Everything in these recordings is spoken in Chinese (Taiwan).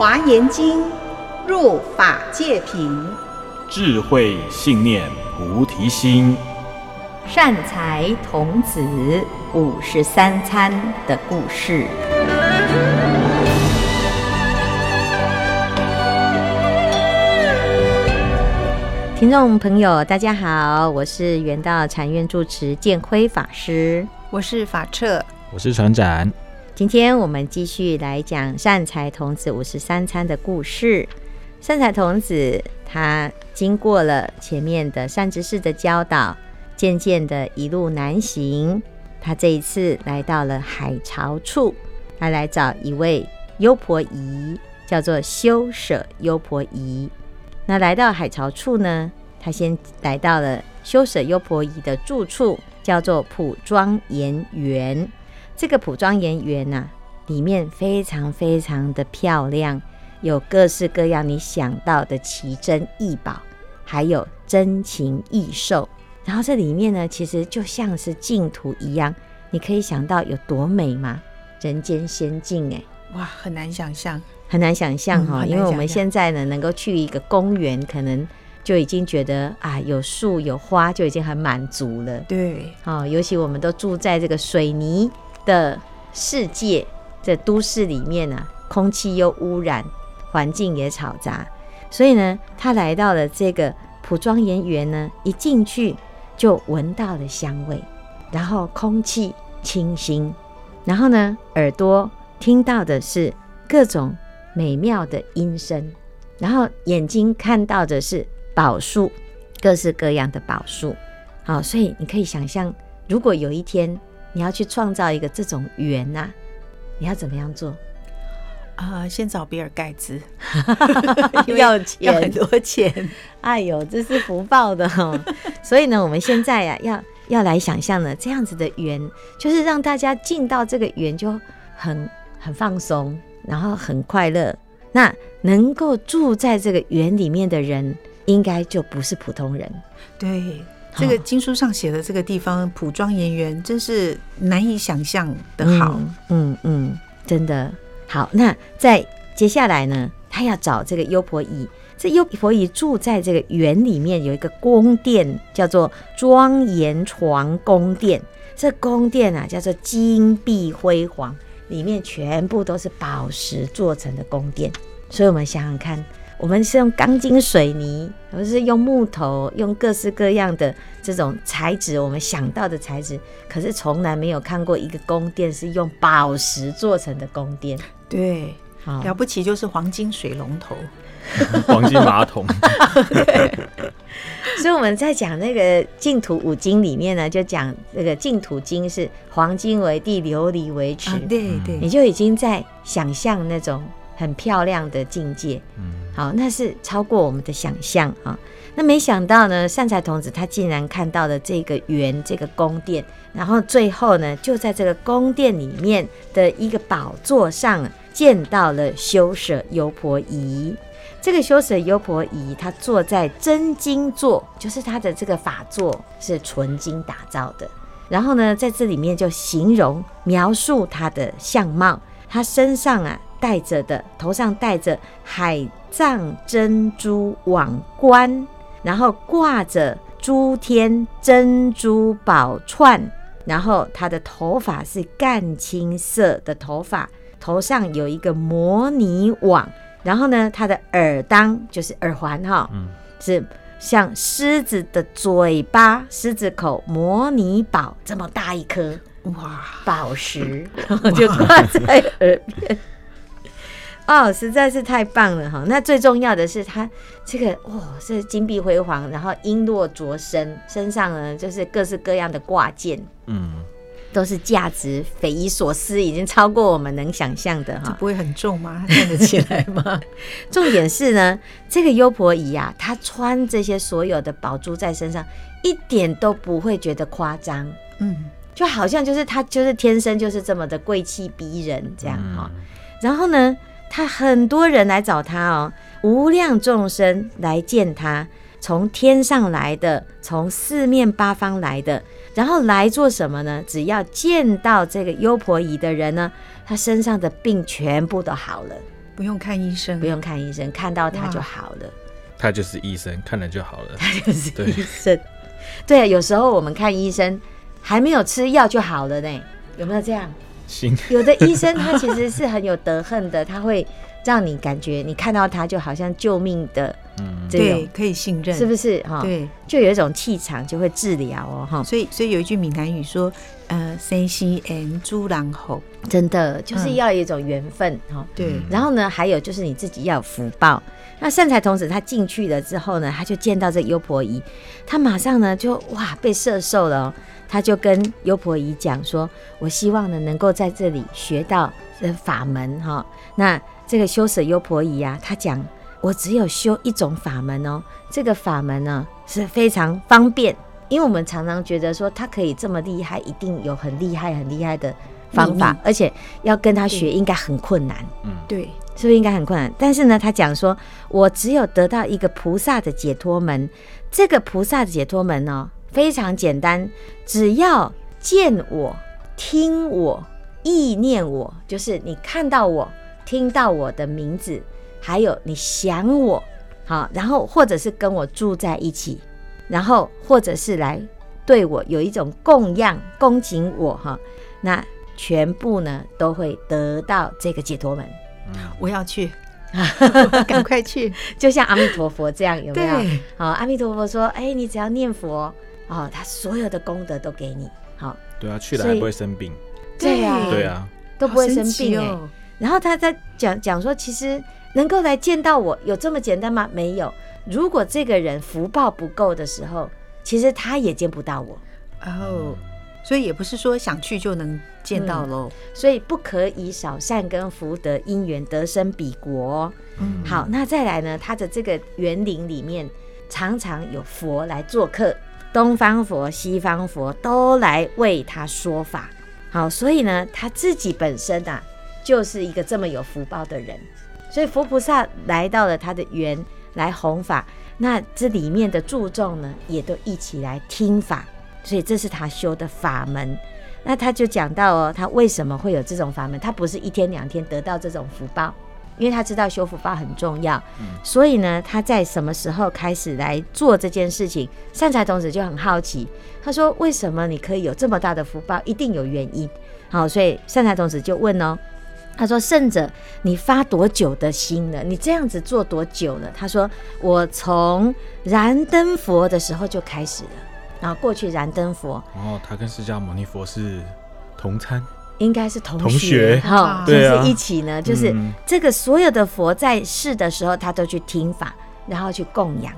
華嚴經入法界品，智慧信念菩提心，善財童子五十三參的故事。聽眾朋友，大家好，我是圓道禪院住持見輝法師，我是法徹，我是船長。今天我們繼續來講善財童子五十三參的故事。善財童子他經過了前面的善知識的教導，漸漸的一路南行。他這一次來到了海潮處，他來找一位優婆夷，叫做休捨優婆夷。那來到海潮處呢，他先來到了休捨優婆夷的住處，叫做普莊嚴園。這個普莊嚴園吶、啊，裡面非常非常的漂亮，有各式各樣你想到的奇珍異寶，還有珍禽異獸。然後這裡面呢，其實就像是淨土一樣，你可以想到有多美嗎？人間仙境誒，哇，很難想象、喔嗯，很難想象哈，因為我們現在呢，能夠去一個公園，可能就已經覺得啊，有樹有花就已經很滿足了。對，哦，尤其我們都住在這個水泥。的世界，這都市裡面呢、啊，空氣又污染，環境也嘈雜，所以呢，他來到了這個普莊嚴園呢，一進去就聞到了香味，然後空氣清新，然後呢，耳朵聽到的是各種美妙的音聲，然後眼睛看到的是寶樹，各式各樣的寶樹，好，所以你可以想象，如果有一天。你要去創造一個這種園呐、啊？你要怎麼樣做啊、呃？先找比爾蓋茨 要錢，要很多錢。哎呦，這是福報的哈！ 所以呢，我們現在呀、啊，要要來想象呢，這樣子的園，就是讓大家進到這個園就很很放鬆，然後很快樂。那能夠住在這個園裡面的人，應該就不是普通人。對。這個經書上寫的這個地方普莊嚴園，真是難以想象的好。嗯嗯，嗯，真的好。那在接下來呢，他要找這個優婆夷。這優婆夷住在這個園裡面，有一個宮殿叫做莊嚴幢宮殿。這宮殿啊，叫做金碧輝煌，裡面全部都是寶石做成的宮殿。所以我們想想看。我們是用鋼筋水泥，我們、嗯、是用木頭，用各式各樣的這種材質，我們想到的材質，可是從來沒有看過一個宮殿是用寶石做成的宮殿。對，哦、了不起就是黃金水龍頭，黃金馬桶。所以我們在講那個淨土五經裡面呢，就講那個淨土經是黃金為地，琉璃為池。對、啊、對。對，你就已經在想象那種很漂亮的境界。嗯。好、哦，那是超過我們的想象啊、哦！那沒想到呢，善財童子他竟然看到了這個園這個宮殿，然後最後呢，就在這個宮殿裡面的一個寶座上見到了休捨優婆夷。這個休捨優婆夷，她坐在真金座，就是她的這個法座是純金打造的。然後呢，在這裡面就形容描述她的相貌，她身上啊戴着的，頭上戴着海藏珍珠王冠，然後掛着諸天珍珠寶串，然後他的頭髮是紺青色的頭髮，頭上有一個摩尼網，然後呢，他的耳珰就是耳環哈，嗯、是像獅子的嘴巴、獅子口摩尼寶這麼大一顆哇，寶石 然後就掛在耳邊。哇 哦，實在是太棒了哈！那最重要的是，它這個哇、哦、是金碧輝煌，然後瓔珞着身，身上呢就是各式各樣的掛件，嗯，都是價值匪夷所思，已經超過我們能想象的哈。這不會很重嗎？站得起來嗎？ 重點是呢，這個優婆夷啊，她穿這些所有的寶珠在身上，一點都不會覺得誇張，嗯，就好像就是她就是天生就是這麼的貴氣逼人這樣哈。嗯、然後呢？他很多人來找他哦，無量眾生來見他，從天上來的，從四面八方來的，然後來做什麼呢？只要見到這個優婆夷的人呢，他身上的病全部都好了，不用看醫生，不用看醫生，看到他就好了，他就是醫生，看了就好了，他就是醫生。對，對，有時候我們看醫生還沒有吃藥就好了呢，有沒有這樣？ 有的醫生他其實是很有德行的， 他會讓你感覺你看到他就好像救命的這。嗯，對，可以信任，是不是哈？對、哦，就有一種氣場就會治療哦，哈、哦。所以，所以有一句閩南語說，呃，先生緣，主人福，死人死人死真的就是要有一種緣分哈。對、嗯，嗯，然後呢，還有就是你自己要有福報。嗯、那善財童子他進去了之後呢，他就見到這優婆夷，他馬上呢就哇被攝受了、哦。他就跟優婆夷講說：“我希望呢，能夠在這裡學到的法門哈。那這個休捨優婆夷啊，他講我只有修一種法門哦。這個法門呢、啊、是非常方便，因為我們常常覺得說他可以這麼厲害，一定有很厲害、很厲害的方法，密密而且要跟他學應該很困難。嗯，對，是不是應該很困難？但是呢，他講說我只有得到一個菩薩的解脫門，這個菩薩的解脫門哦。”非常簡單，只要見我、聽我、意念我，就是你看到我、聽到我的名字，還有你想我，好，然後或者是跟我住在一起，然後或者是來對我有一種供養、恭敬我，哈，那全部呢都會得到這個解脫門。我要去啊，趕快去，就像阿彌陀佛這樣有沒有？好，阿彌陀佛說，哎，你只要念佛。哦，他所有的功德都給你，好。對啊，去了所以還不會生病。對呀，對啊，對啊，都不會生病，欸哦、然後他在講講說，其實能夠來見到我，有這麼簡單嗎？沒有。如果這個人福報不夠的時候，其實他也見不到我。哦，所以也不是說想去就能見到嘍，嗯。所以不可以少善根福德因緣得生彼國。哦，嗯、好，那再來呢？他的這個園林裡面常常有佛來做客。東方佛、西方佛都來為他說法，好，所以呢，他自己本身吶、啊，就是一個這麼有福報的人，所以佛菩薩來到了他的園來弘法，那這裡面的住眾呢，也都一起來聽法，所以這是他修的法門。那他就講到哦，他為什麼會有這種法門？他不是一天兩天得到這種福報。因為他知道修福報很重要，嗯、所以呢，他在什麼時候開始來做這件事情？善財童子就很好奇，他說：“為什麼你可以有這麼大的福報？一定有原因。”好，所以善財童子就問哦：“他說聖者，你發多久的心了？你這樣子做多久了？”他說：“我從燃燈佛的時候就開始了，然後過去燃燈佛。”哦，他跟釋迦牟尼佛是同參。應該是同學哈，就是一起呢，啊、就是這個所有的佛在世的時候，嗯、他都去聽法，然後去供養，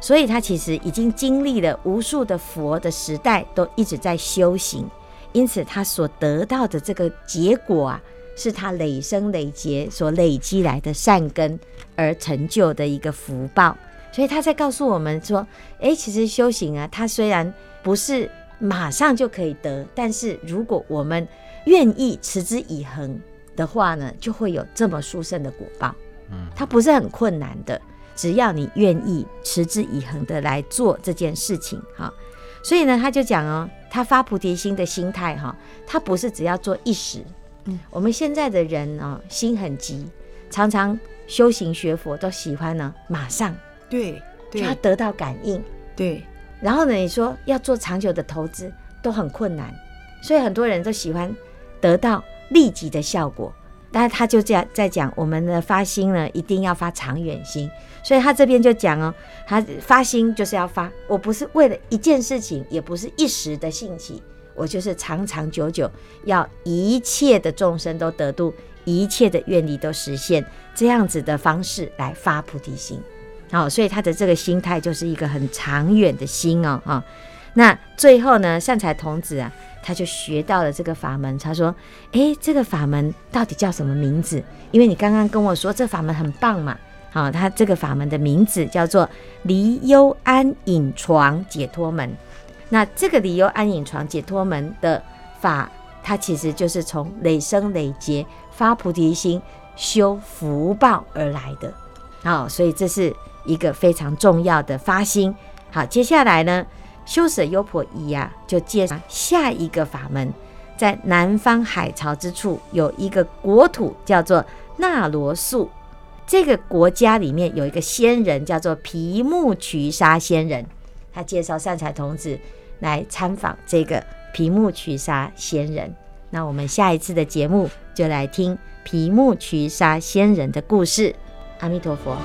所以他其實已經經歷了無數的佛的時代，都一直在修行，因此他所得到的這個結果啊，是他累生累劫所累積來的善根而成就的一個福報，所以他在告訴我們說，誒、欸，其實修行啊，它雖然不是馬上就可以得，但是如果我們願意持之以恆的話呢，就會有這麼殊勝的果報。嗯，它不是很困難的，只要你願意持之以恆的來做這件事情哈。所以呢，他就講哦，他發菩提心的心態哈，他不是只要做一時。嗯，我們現在的人呢，心很急，常常修行學佛都喜歡呢馬上，對，就要得到感應。對，然後呢，你說要做長久的投資都很困難，所以很多人都喜歡。得到立即的效果，那他就這樣在講我們的發心呢，一定要發長遠心。所以他這邊就講哦，他發心就是要發，我不是為了一件事情，也不是一時的興起，我就是長長久久，要一切的眾生都得度，一切的願力都實現，這樣子的方式來發菩提心。好，哦，所以他的這個心態就是一個很長遠的心哦啊。哦那最後呢，善財童子啊，他就學到了這個法門。他說：“哎，這個法門到底叫什麼名字？因為你剛剛跟我說這法門很棒嘛。好、哦，他這個法門的名字叫做離憂安隱幢解脫門。那這個離憂安隱幢解脫門的法，它其實就是從累生累劫發菩提心、修福報而來的。好、哦，所以這是一個非常重要的發心。好，接下來呢？休捨優婆夷呀，就介紹下一個法門，在南方海潮之處有一個國土叫做那羅素，這個國家裡面有一個仙人叫做毗目瞿沙仙人，他介紹善財童子來參訪這個毗目瞿沙仙人。那我們下一次的節目就來聽毗目瞿沙仙人的故事。阿彌陀佛。